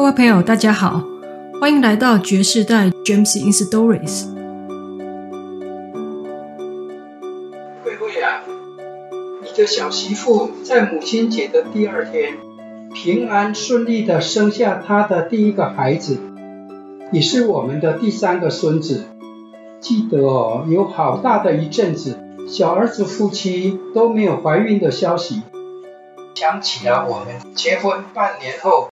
各位朋友，大家好，歡迎來到覺世代 Gems in Stories。偉偉啊，你的小媳婦在母親節的第二天，平安順利的生下她的第一個孩子，也是我們的第三個孫子。記得哦，有好大的一陣子，小兒子夫妻都沒有懷孕的消息。想起了、啊、我們結婚半年後。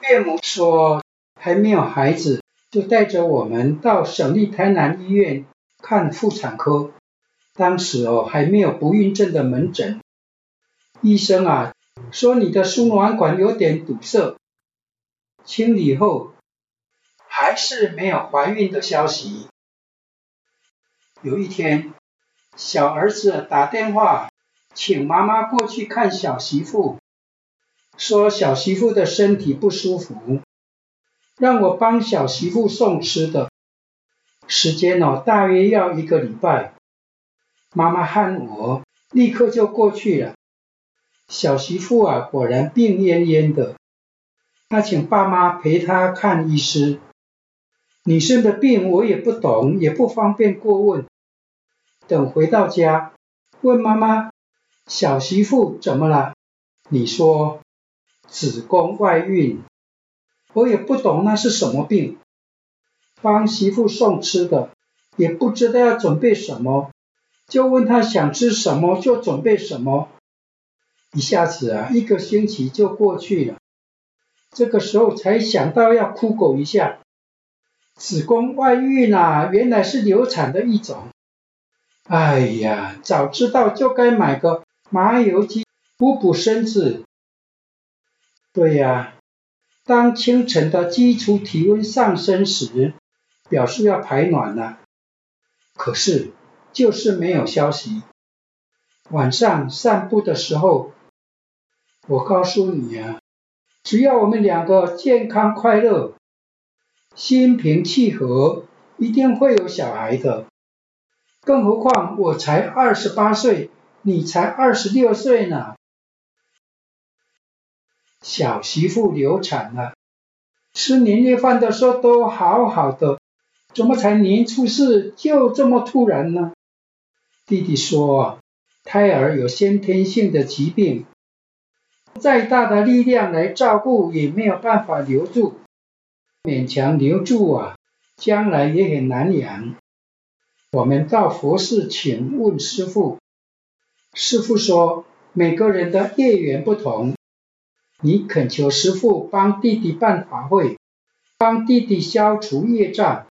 岳母說還沒有孩子，就帶着我們到省立台南醫院看婦產科。當時哦還沒有不孕症的門診，醫生啊說，你的輸卵管有點堵塞，清理後還是沒有懷孕的消息。有一天，小兒子打電話請媽媽過去看小媳婦。說小媳婦的身體不舒服，讓我幫小媳婦送吃的。時間呢、哦，大約要一個禮拜。媽媽喊我，立刻就過去了。小媳婦啊，果然病懨懨的。她請爸媽陪她看醫生。女生的病我也不懂，也不方便過問。等回到家，問媽媽，小媳婦怎麼了？你說。子宮外孕，我也不懂那是什麼病。幫媳婦送吃的，也不知道要準備什麼，就問她想吃什麼就準備什麼。一下子啊，一個星期就過去了。這個時候才想到要 Google 一下。子宮外孕吶、啊，原來是流產的一種。哎呀，早知道就該買個麻油雞補補身子。對呀，啊，當清晨的基礎體溫上升時，表示要排卵了。可是就是沒有消息。晚上散步的時候，我告訴你啊，只要我們兩個健康快樂、心平氣和，一定會有小孩的。更何況我才二十八歲，你才二十六歲呢。小媳婦流產了，吃年夜飯的時候都好好的，怎麼才年初四就這麼突然呢？弟弟說，胎兒有先天性的疾病，再大的力量來照顧也沒有辦法留住，勉強留住啊，將來也很難養。我們到佛寺請問師父，師父說每個人的業緣不同。你懇求師父幫弟弟辦法會，幫弟弟消除業障，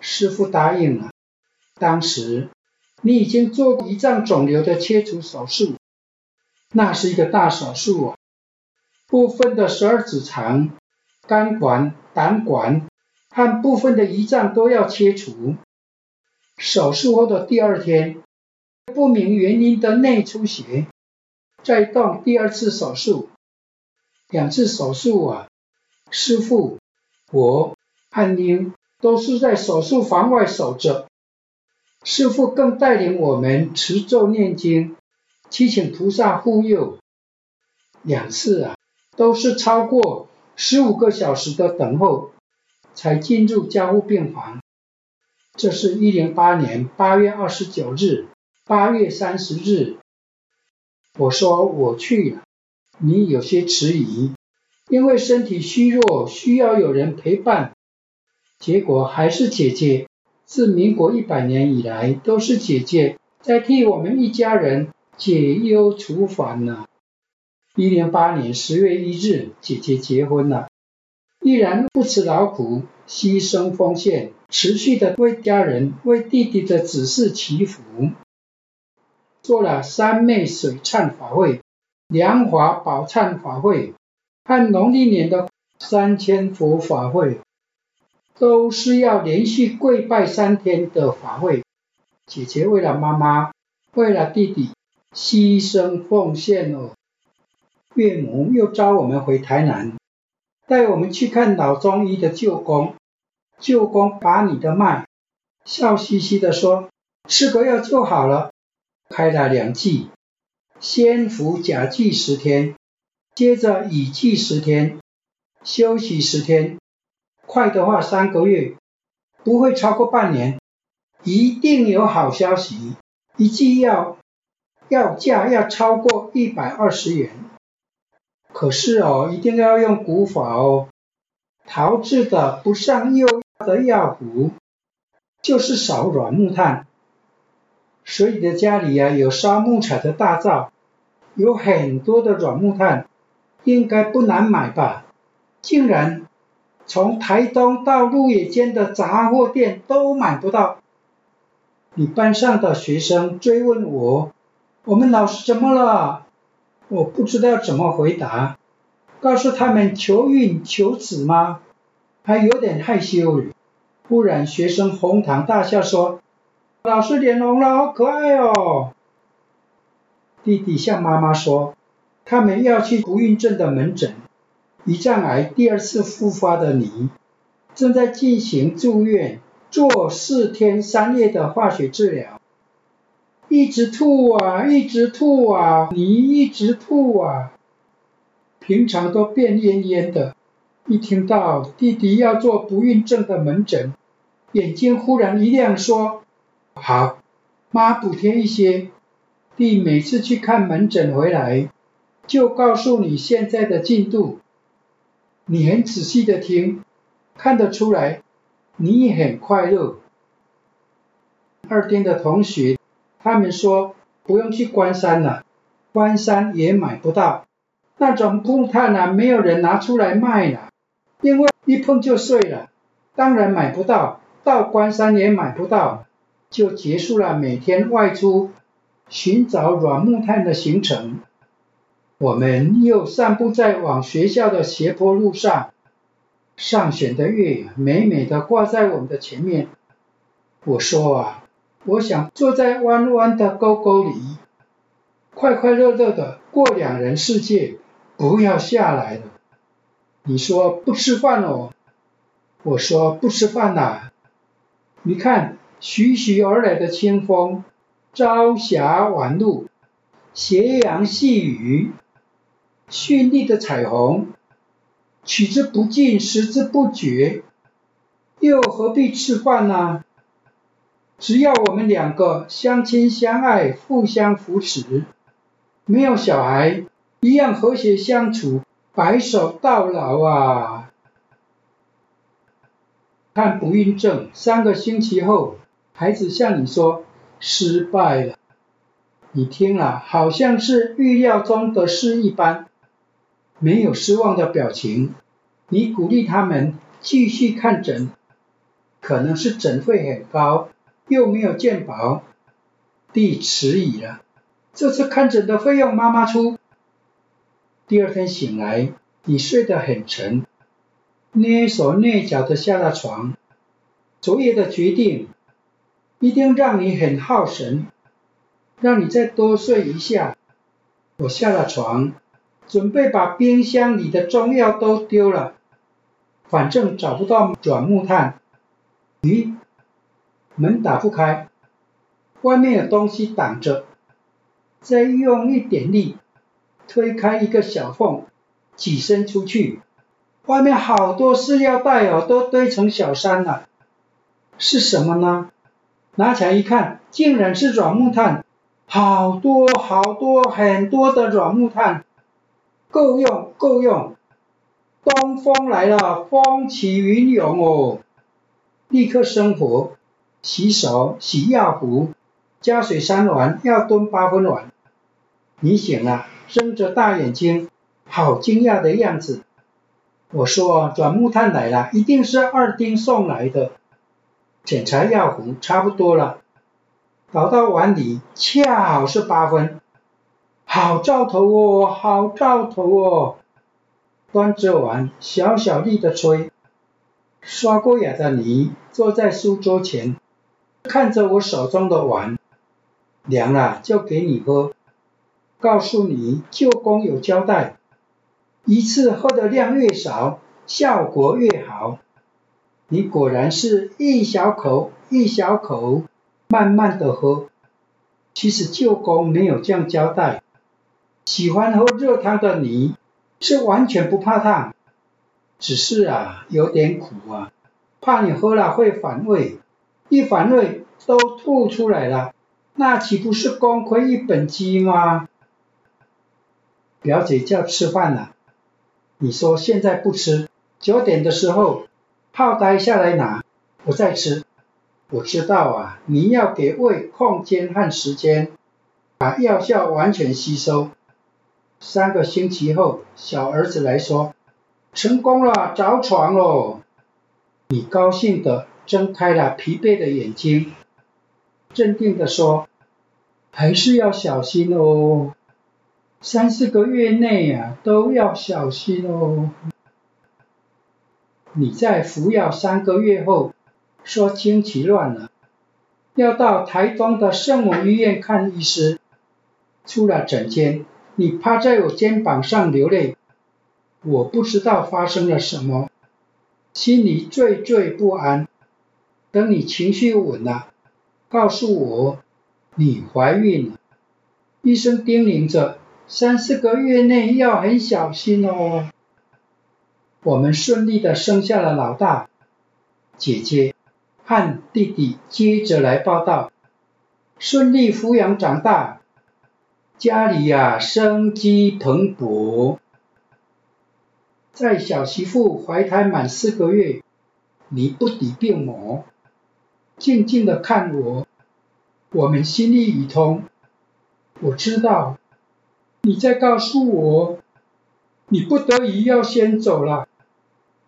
師父答應了。當時你已經做過胰臟腫瘤的切除手術，那是一個大手術哦，部分的十二指腸、肝管、膽管和部分的胰臟都要切除。手術後的第二天，不明原因的內出血，再動第二次手術。兩次手術啊，師父、我、阿英，都是在手術房外守着。師父更帶領我們持咒念經，祈請菩薩護佑。兩次啊，都是超過十五個小時的等候，才進入加護病房。這是一零八年八月二十九日、八月三十日，我說我去了、啊。你有些遲疑，因為身體虛弱，需要有人陪伴。結果還是姐姐，自民國一百年以來，都是姐姐在替我們一家人解憂除煩呢。一零八年十月一日，姐姐結婚了，依然不辭勞苦，犧牲奉獻，持續的為家人、為弟弟的子嗣祈福，做了三昧水懺法會。梁皇寶懺法會和農曆年的三千佛法會，都是要連續跪拜三天的法會。姐姐為了媽媽，為了弟弟，犧牲奉獻了，岳母又召我們回台南，帶我們去看老中醫的舅公。舅公把你的脈，笑嘻嘻地說：“吃個藥就好了。”開了兩劑。先服甲劑十天，接着乙劑十天，休息十天，快的話三個月，不會超過半年，一定有好消息。一劑藥藥價要超過一百二十元，可是哦，一定要用古法哦，陶製的不上釉的藥壺，就是燒軟木炭。所以的家裡呀，有燒木柴的大灶，有很多的軟木炭，應該不難買吧？竟然從台東到鹿野間的雜貨店都買不到。你班上的學生追問我，我們老師怎麼了？我不知道怎麼回答，告訴他們求孕求子嗎？還有點害羞。忽然學生哄堂大笑說。老師臉紅了，好可愛哦。弟弟向媽媽說：“他們要去不孕症的門診，胰臟癌第二次復發的你，正在進行住院，做四天三夜的化學治療，一直吐啊，一直吐啊，你一直吐啊。平常都變蔫蔫的，一聽到弟弟要做不孕症的門診，眼睛忽然一亮，說。”好，媽補貼一些。弟每次去看門診回來，就告訴你現在的進度。你很仔細的聽，看得出來，你也很快樂。二天的同學，他們說不用去關山了，關山也買不到那種木炭了，沒有人拿出來賣了，因為一碰就碎了，當然買不到，到關山也買不到。就結束了每天外出尋找軟木炭的行程。我們又散步在往學校的斜坡路上，上弦的月美美的掛在我們的前面。我說啊，我想坐在彎彎的溝溝裡，快快樂樂的過兩人世界，不要下來了。你說不吃飯哦？我說不吃飯啦、啊。你看。徐徐而來的清風，朝霞晚露，斜陽細雨，絢麗的彩虹，取之不盡，用之不竭，又何必吃飯呢？只要我們兩個相親相愛，互相扶持，沒有小孩，一樣和諧相處，白首到老啊！看不孕症三個星期後。孩子向你說失敗了，你聽了好像是預料中的事一般，沒有失望的表情。你鼓勵他們繼續看診，可能是診費很高，又沒有健保，弟遲疑了。這次看診的費用媽媽出。第二天醒來，你睡得很沉，躡手躡腳的下了床，昨夜的決定。一定讓你很耗神，讓你再多睡一下。我下了床，準備把冰箱裡的中藥都丟了，反正找不到軟木炭。咦，門打不開，外面有東西擋着。再用一點力，推開一個小縫，擠身出去。外面好多塑料袋哦，都堆成小山了啊。是什麼呢？拿起來一看，竟然是軟木炭，好多好多很多的軟木炭，夠用夠用。東風來了，風起雲湧哦，立刻生火，洗手，洗藥壺，加水三碗，要燉八分碗。你醒了，睜着大眼睛，好驚訝的樣子。我說，軟木炭來了，一定是二丁送來的。檢查藥壺差不多了，倒到碗裡恰好是八分，好兆頭哦，好兆頭哦。端着碗，小小力的吹，刷過牙的你坐在書桌前，看着我手中的碗，涼了、啊、就給你喝。告訴你，舅公有交代，一次喝的量越少，效果越好。你果然是一小口一小口慢慢的喝。其實舅公沒有這樣交代，喜歡喝熱湯的你是完全不怕燙，只是啊有點苦啊，怕你喝了會反胃，一反胃都吐出來了，那豈不是功虧一簣嗎？表姐叫吃飯了，啊，你說現在不吃，九點的時候。泡呆下來拿，我再吃。我知道啊，你要給胃空間和時間，把藥效完全吸收。三個星期後，小兒子來說，成功了，着床了。你高興的睜開了疲憊的眼睛，鎮定的說，還是要小心哦，三四個月內啊，都要小心哦。你在服藥三個月後，說經期亂了，要到台中的聖母醫院看醫師。出了診間，你趴在我肩膀上流淚，我不知道發生了什麼，心裡惴惴不安。等你情緒穩了，告訴我你懷孕了。醫生叮嚀着，三四個月內要很小心哦。我們順利的生下了老大、姐姐和弟弟，接着來報道，順利撫養長大，家裡呀、啊、生機蓬勃。在小媳婦懷胎滿四個月，你不敵病魔，靜靜的看我，我們心意已通，我知道，你在告訴我。你不得已要先走了，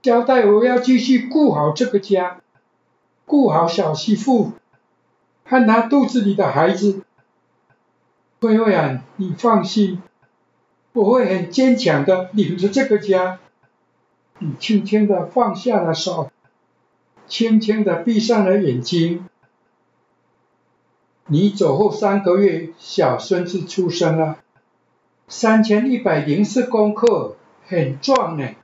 交代我要繼續顧好這個家，顧好小媳婦，和她肚子裡的孩子。桂煥啊，你放心，我會很堅強的領着這個家。你輕輕的放下了手，輕輕的閉上了眼睛。你走後三個月，小孫子出生了。三千一百零四公克，很壯呢、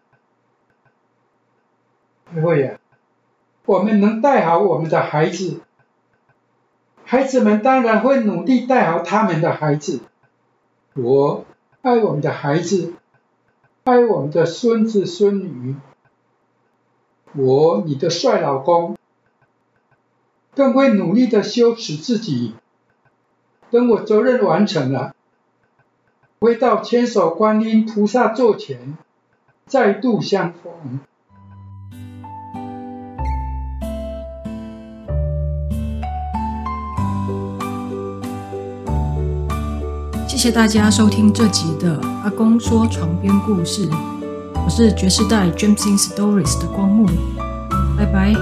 欸。會呀，我們能帶好我們的孩子，孩子們當然會努力帶好他們的孩子。我愛我們的孩子，愛我們的孫子孫女。我，你的帥老公，更會努力的修持自己。等我責任完成了。回到千手觀音菩薩座前，再度相逢。謝謝大家收聽這集的《阿公說床邊故事》，我是覺世代 Gems in Stories 的光木，拜拜。